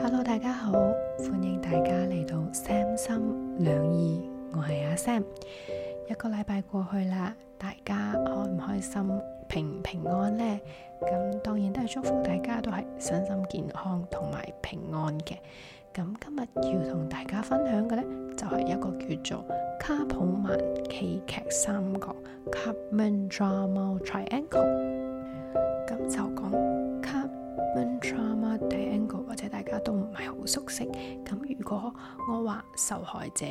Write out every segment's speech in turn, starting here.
Hello，大家好，歡迎大家嚟到三心兩意，我係阿 Sam。一個禮拜過去啦，大家開唔開心、平平安呢？咁、嗯、當然都係祝福大家，都係身心健康同埋平安嘅。咁、嗯、今日要同大家分享嘅呢，就係、是、一個叫做卡普曼戲劇三角 Karpman Drama Triangle）。都唔係好熟悉，咁如果我話受害者、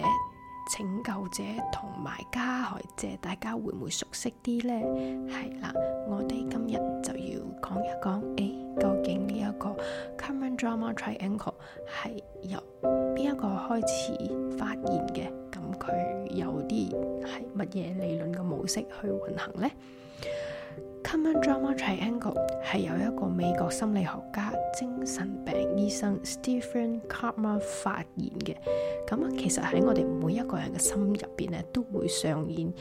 拯救者同埋加害者，大家會唔會熟悉啲呢？係啦，我哋今日就要講一講，誒、欸，究竟呢一個 Karpman Drama Triangle 係由邊一個開始發現嘅？咁佢有啲係乜嘢理論嘅模式去運行呢？《Karpman Drama Triangle》係由一個美國心理學家、精神病醫生 Stephen Karpman 發現嘅。咁啊，其實喺我哋每一個人嘅心入邊咧，都會上演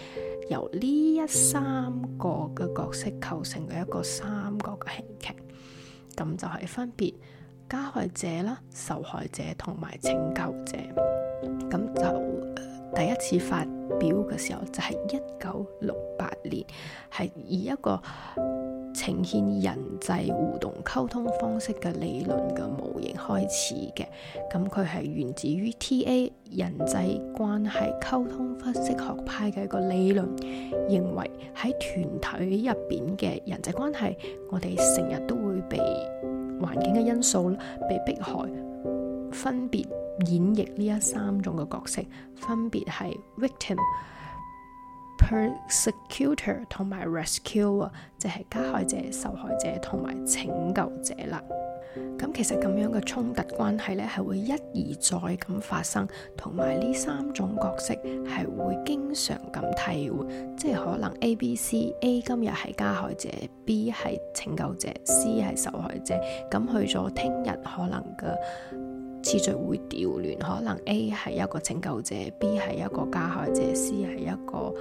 由呢一三個嘅角色構成嘅一個三角嘅戲劇。咁就係分別加害者啦、受害者同埋拯救者。咁就。第一次發表嘅時候就係一九六八年，係以一個呈現人際互動溝通方式嘅理論嘅模型開始嘅。咁佢係源自於 TA 人際關係溝通分析學派嘅一個理論，認為喺團體入邊嘅人際關係，我哋成日都會被環境嘅因素，被迫害分別，演繹呢一三種嘅角色，分別係 victim、persecutor 同埋 rescuer，即係加害者、受害者同埋拯救者啦。咁其實咁樣嘅衝突關係呢，係會一而再咁發生，同埋呢三種角色係會經常咁替換，即係可能 A、B、C，A 今日係加害者，B 係拯救者，C 係受害者，咁去咗聽日可能嘅。秩序會掉亂，可能 A 係一個拯救者，B 係一個加害者，C 係一個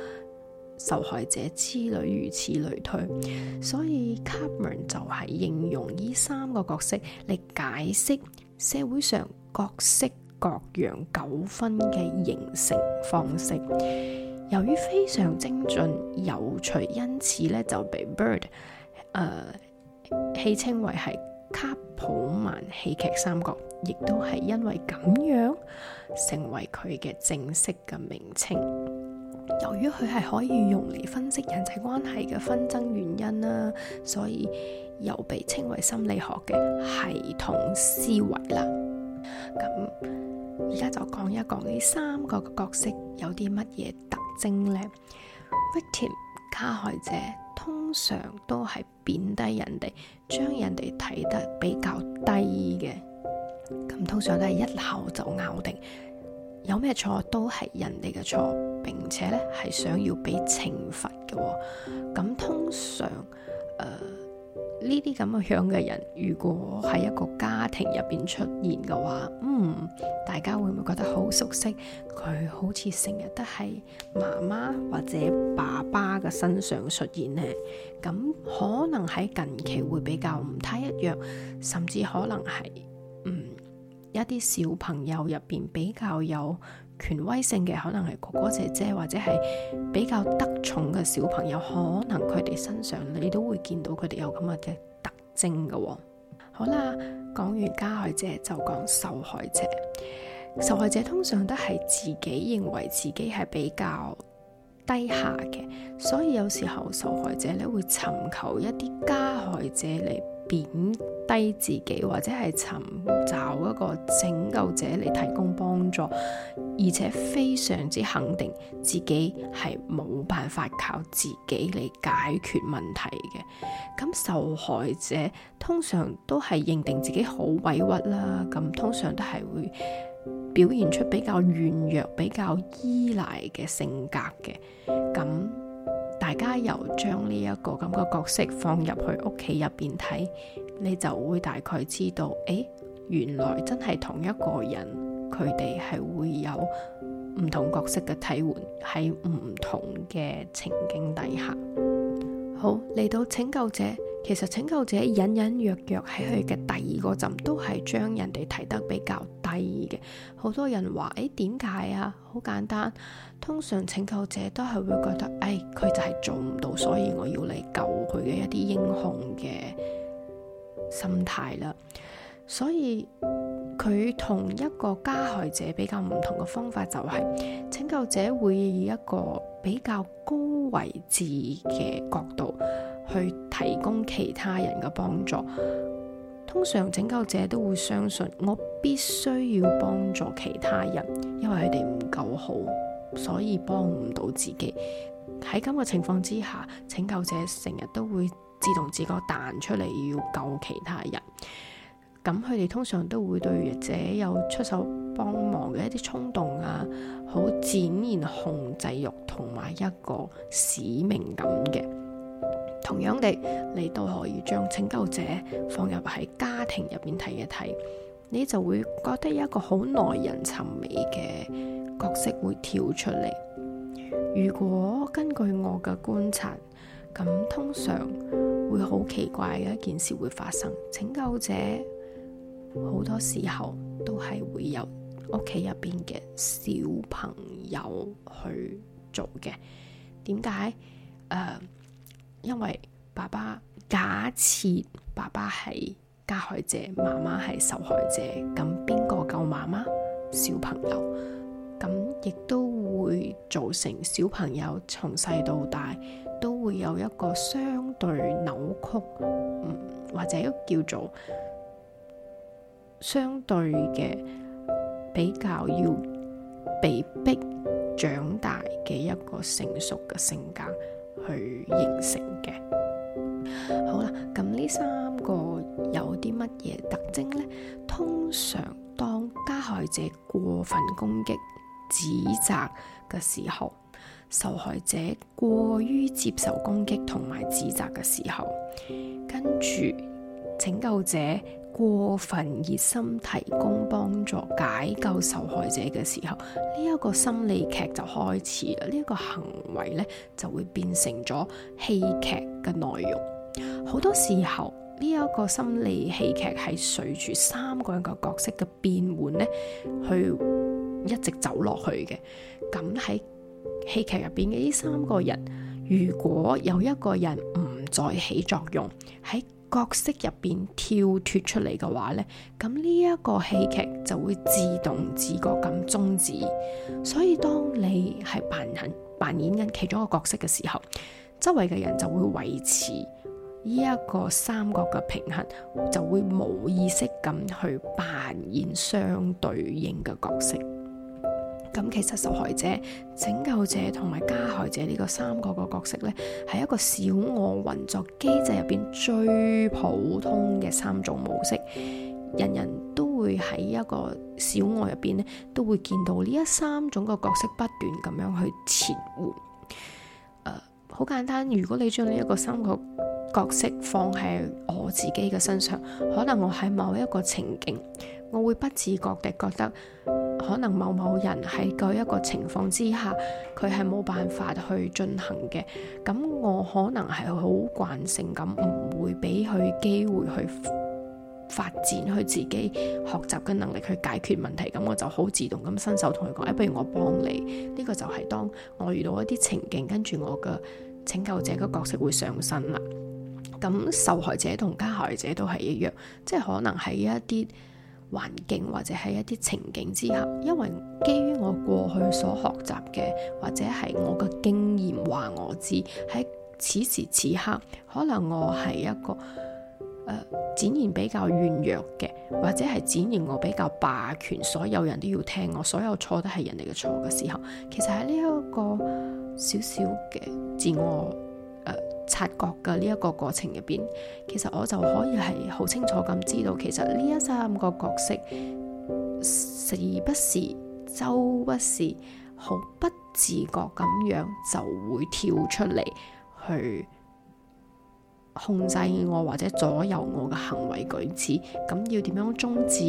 受害者，之類如此類推。所以卡普曼就係應用呢三個角色嚟解釋社會上各式各樣糾紛嘅形成方式。由於非常精進有趣，因此咧就被 Bird 誒、呃、戲稱為係卡普曼戲劇三角。亦都係因為咁樣成為佢嘅正式嘅名稱。由於佢係可以用嚟分析人際關係嘅紛爭原因啦，所以又被稱為心理學嘅系統思維啦。咁而家就講一講呢三個角色有啲乜嘢特徵呢？victim 加害者通常都係貶低人哋，將人哋睇得比較低嘅。咁通常都係一口就咬定，有咩錯都係人哋嘅錯，並且咧係想要俾懲罰嘅喎。咁通常誒呢啲咁嘅樣嘅人，如果喺一個家庭入邊出現嘅話，嗯，大家會唔會覺得好熟悉？佢好似成日都係媽媽或者爸爸嘅身上出現呢？咁可能喺近期會比較唔太一樣，甚至可能係嗯。一啲小朋友入邊比較有權威性嘅，可能係哥哥姐姐或者係比較得寵嘅小朋友，可能佢哋身上你都會見到佢哋有咁嘅特徵嘅哦。好啦，講完加害者就講受害者，受害者通常都係自己認為自己係比較低下嘅，所以有時候受害者咧會尋求一啲加害者嚟。貶低自己，或者係尋找一個拯救者嚟提供幫助，而且非常之肯定自己係冇辦法靠自己嚟解決問題嘅。咁受害者通常都係認定自己好委屈啦，咁通常都係會表現出比較軟弱、比較依賴嘅性格嘅。咁大家又將呢一個咁嘅角色放入去屋企入邊睇，你就會大概知道，誒、欸，原來真係同一個人，佢哋係會有唔同角色嘅替換喺唔同嘅情景底下。好，嚟到拯救者。其實拯救者隱隱約約喺佢嘅第二個站都係將人哋提得比較低嘅。好多人話，誒，點解啊？好簡單，通常拯救者都係會覺得，誒、哎、佢就係做唔到，所以我要嚟救佢嘅一啲英雄嘅心態啦。所以佢同一個加害者比較唔同嘅方法就係拯救者會以一個比較高位置嘅角度。去提供其他人嘅幫助，通常拯救者都會相信我必須要幫助其他人，因為佢哋唔夠好，所以幫唔到自己。喺咁嘅情況之下，拯救者成日都會自動自覺彈出嚟要救其他人。咁佢哋通常都會對弱者有出手幫忙嘅一啲衝動啊，好展現控制欲同埋一個使命感嘅。同樣地，你都可以將拯救者放入喺家庭入邊睇一睇，你就會覺得有一個好耐人尋味嘅角色會跳出嚟。如果根據我嘅觀察，咁通常會好奇怪嘅一件事會發生。拯救者好多時候都係會有屋企入邊嘅小朋友去做嘅。點解？Uh, 因為爸爸，假設爸爸係加害者，媽媽係受害者，咁邊個救媽媽？小朋友。咁亦都會造成小朋友從細到大都會有一個相對扭曲，嗯，或者叫做相對嘅比較要被逼長大嘅一個成熟嘅性格。去形成嘅，好啦，咁呢三個有啲乜嘢特徵呢？通常當加害者過分攻擊、指責嘅時候，受害者過於接受攻擊同埋指責嘅時候，跟住，拯救者過分熱心提供幫助解救受害者嘅時候，呢一個心理劇就開始啦。呢一個行為呢，就會變成咗戲劇嘅內容。好多時候呢一個心理戲劇係隨住三個人嘅角色嘅變換呢，去一直走落去嘅。咁喺戲劇入邊嘅呢三個人，如果有一個人唔再起作用喺。角色入邊跳脫出嚟嘅話呢，咁呢一個戲劇就會自動自覺咁終止。所以當你係扮演扮演緊其中一個角色嘅時候，周圍嘅人就會維持呢一個三角嘅平衡，就會冇意識咁去扮演相對應嘅角色。咁其實受害者、拯救者同埋加害者呢個三個個角色呢，係一個小我運作機制入邊最普通嘅三種模式，人人都會喺一個小我入邊呢，都會見到呢一三種個角色不斷咁樣去切換。uh，好簡單，如果你將呢一個三個角色放喺我自己嘅身上，可能我喺某一個情景，我會不自覺地覺得。可能某某人喺嗰一個情況之下，佢係冇辦法去進行嘅。咁我可能係好慣性咁，唔會俾佢機會去發展，去自己學習嘅能力去解決問題，咁我就好自動咁伸手同佢講，誒、哎、不如我幫你。呢、這個就係當我遇到一啲情境，跟住我嘅拯救者嘅角色會上身啦。咁受害者同加害者都係一樣，即係可能喺一啲。環境或者係一啲情景之下，因為基於我過去所學習嘅，或者係我嘅經驗話我知喺此時此刻，可能我係一個誒、呃、展現比較軟弱嘅，或者係展現我比較霸權，所有人都要聽我，所有錯都係人哋嘅錯嘅時候，其實喺呢一個小小嘅自我。誒，察覺嘅呢一個過程入邊，其實我就可以係好清楚咁知道，其實呢一三個角色時不時，周不時，好不自覺咁樣就會跳出嚟去控制我或者左右我嘅行為舉止。咁要點樣終止？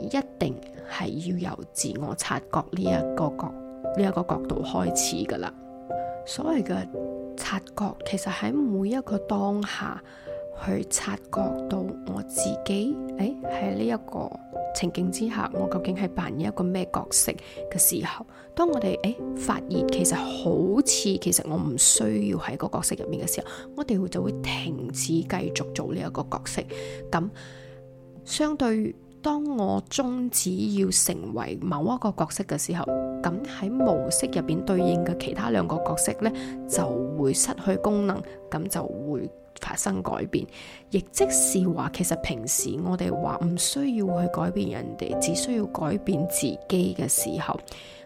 一定係要由自我察覺呢一個角呢一個角度開始噶啦。所謂嘅。察覺其實喺每一個當下，去察覺到我自己，誒喺呢一個情景之下，我究竟係扮演一個咩角色嘅時候？當我哋誒、欸、發現其實好似其實我唔需要喺個角色入面嘅時候，我哋會就會停止繼續做呢一個角色。咁相對當我終止要成為某一個角色嘅時候。咁喺模式入邊對應嘅其他兩個角色呢，就會失去功能，咁就會發生改變。亦即是話，其實平時我哋話唔需要去改變人哋，只需要改變自己嘅時候，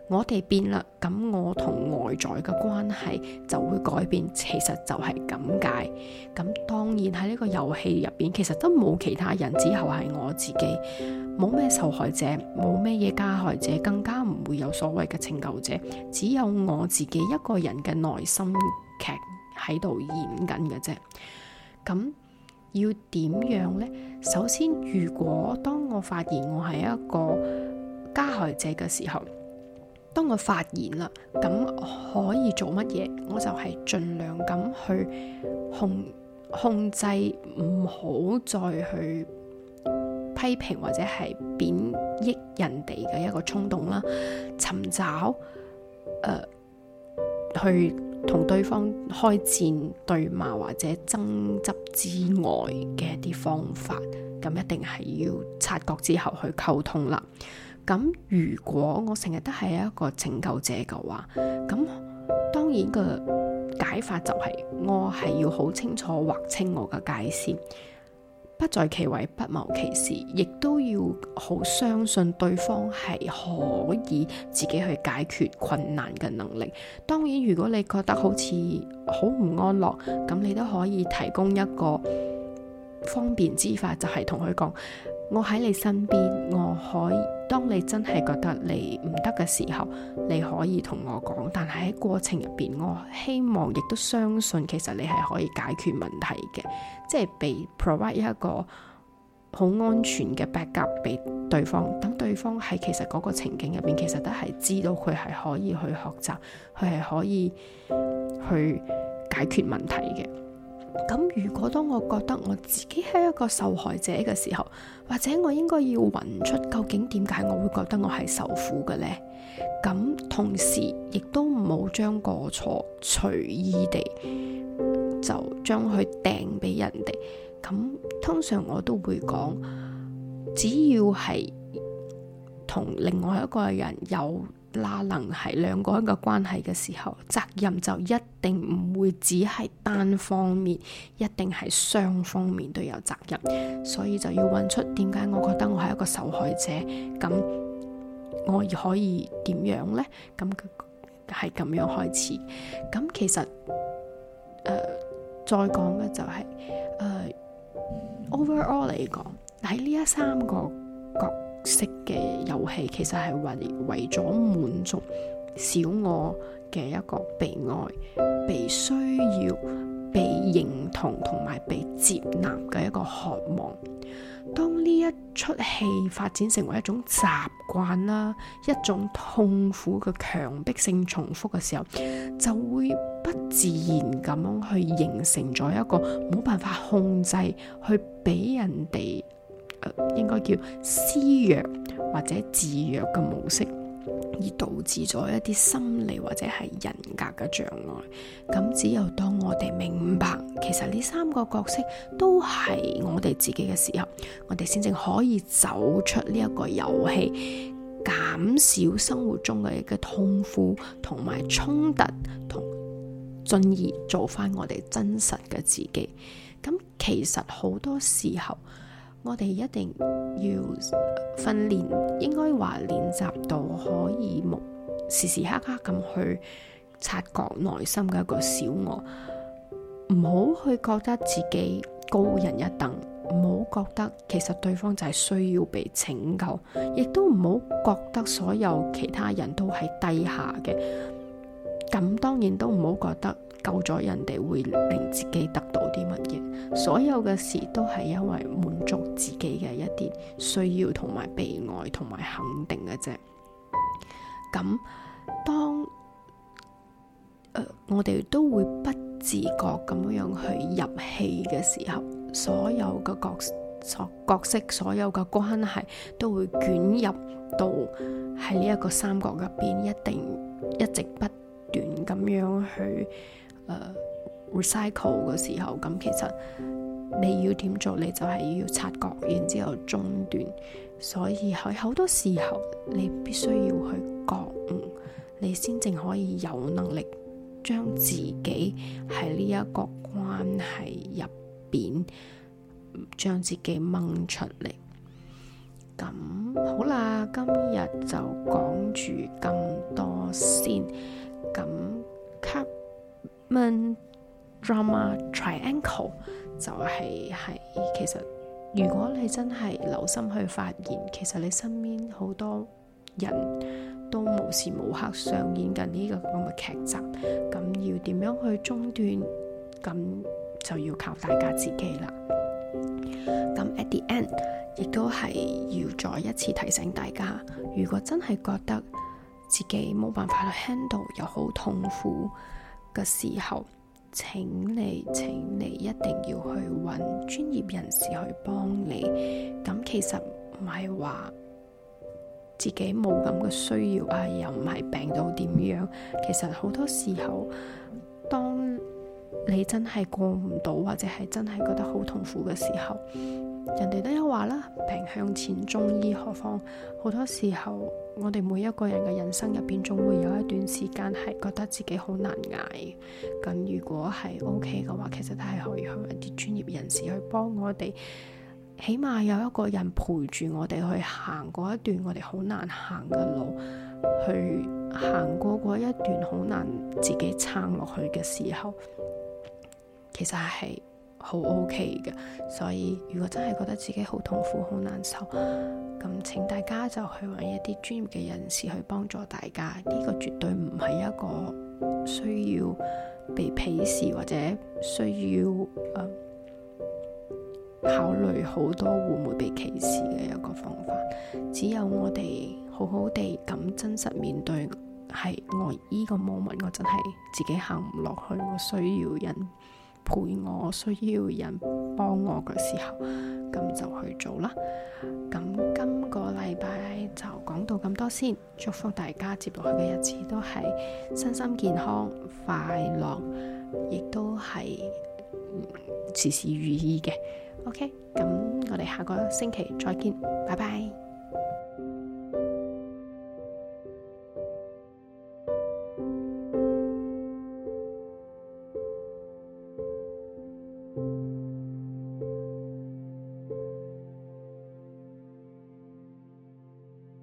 我哋變啦，咁我同外在嘅關係就會改變。其實就係咁解。咁當然喺呢個遊戲入邊，其實都冇其他人，只係我自己，冇咩受害者，冇咩嘢加害者，更加唔會有所謂嘅拯救者，只有我自己一個人嘅內心劇喺度演緊嘅啫。咁要點樣呢？首先，如果當我發現我係一個加害者嘅時候，當我發現啦，咁可以做乜嘢？我就係盡量咁去控控制，唔好再去批評或者係貶抑人哋嘅一個衝動啦。尋找誒、呃、去同對方開戰對罵或者爭執之外嘅一啲方法，咁一定係要察覺之後去溝通啦。咁如果我成日都係一個拯救者嘅話，咁當然個解法就係我係要好清楚劃清我嘅界線，不在其位不謀其事，亦都要好相信對方係可以自己去解決困難嘅能力。當然，如果你覺得好似好唔安樂，咁你都可以提供一個方便之法，就係同佢講。我喺你身邊，我可以當你真係覺得你唔得嘅時候，你可以同我講。但係喺過程入邊，我希望亦都相信，其實你係可以解決問題嘅，即係俾 provide 一個好安全嘅 backup 俾對方。等對方喺其實嗰個情景入邊，其實都係知道佢係可以去學習，佢係可以去解決問題嘅。咁如果當我覺得我自己係一個受害者嘅時候，或者我應該要搵出究竟點解我會覺得我係受苦嘅呢？咁同時亦都唔好將過錯隨意地就將佢掟俾人哋。咁通常我都會講，只要係同另外一個人有。拉能係兩個人嘅關係嘅時候，責任就一定唔會只係單方面，一定係雙方面都有責任，所以就要揾出點解我覺得我係一個受害者，咁我可以點樣咧？咁佢係咁樣開始。咁其實誒、呃，再講嘅就係、是、誒、呃 mm.，overall 嚟講喺呢一三個角。個識嘅遊戲，其實係為為咗滿足小我嘅一個被愛、被需要、被認同同埋被接納嘅一個渴望。當呢一出戲發展成為一種習慣啦，一種痛苦嘅強迫性重複嘅時候，就會不自然咁樣去形成咗一個冇辦法控制去俾人哋。應該叫施虐或者自虐嘅模式，而導致咗一啲心理或者係人格嘅障礙。咁只有當我哋明白，其實呢三個角色都係我哋自己嘅時候，我哋先至可以走出呢一個遊戲，減少生活中嘅一個痛苦同埋衝突，同進而做翻我哋真實嘅自己。咁其實好多時候。我哋一定要訓練，應該話練習到可以目，時時刻刻咁去察覺內心嘅一個小我，唔好去覺得自己高人一等，唔好覺得其實對方就係需要被拯救，亦都唔好覺得所有其他人都係低下嘅。咁當然都唔好覺得救咗人哋會令自己得到啲乜嘢。所有嘅事都係因為滿。做自己嘅一啲需要同埋被愛同埋肯定嘅啫。咁當、呃、我哋都會不自覺咁樣去入戲嘅時候，所有嘅角色角色所有嘅關係都會捲入到喺呢一個三角入邊，一定一直不斷咁樣去、呃、recycle 嘅時候，咁其實。你要點做，你就係要察覺，然之後中斷。所以喺好多時候，你必須要去覺悟，你先正可以有能力將自己喺呢一個關係入邊將自己掹出嚟。咁好啦，今日就講住咁多先。咁 Karpman Drama Triangle。就係、係、係，其實如果你真係留心去發現，其實你身邊好多人都無時無刻上演緊呢、呢個咁嘅劇集，咁要點樣去中斷？咁就要靠大家自己啦。咁 at the end 亦都係要再一次提醒大家，如果真係覺得自己冇辦法去 handle 又好痛苦嘅時候，請你，請你一定要去揾專業人士去幫你。咁其實唔係話自己冇咁嘅需要啊，又唔係病到點樣。其實好多時候，當你真係過唔到，或者係真係覺得好痛苦嘅時候，人哋都有話啦，病向淺中醫，何況好多時候。我哋每一個人嘅人生入邊，總會有一段時間係覺得自己好難捱。咁如果係 OK 嘅話，其實都係可以向一啲專業人士去幫我哋，起碼有一個人陪住我哋去行過一段我哋好難行嘅路，去行過一段好難自己撐落去嘅時候，其實係。好 OK 嘅，所以如果真係覺得自己好痛苦、好難受，咁請大家就去揾一啲專業嘅人士去幫助大家。呢個絕對唔係一個需要被鄙視或者需要、呃、考慮好多會唔會被歧視嘅一個方法。只有我哋好好地咁真實面對，係我依個 moment，我真係自己行唔落去，我需要人。陪我需要人幫我嘅時候，咁就去做啦。咁今個禮拜就講到咁多先，祝福大家接落去嘅日子都係身心健康、快樂，亦都係時時如意嘅。OK，咁我哋下個星期再見，拜拜。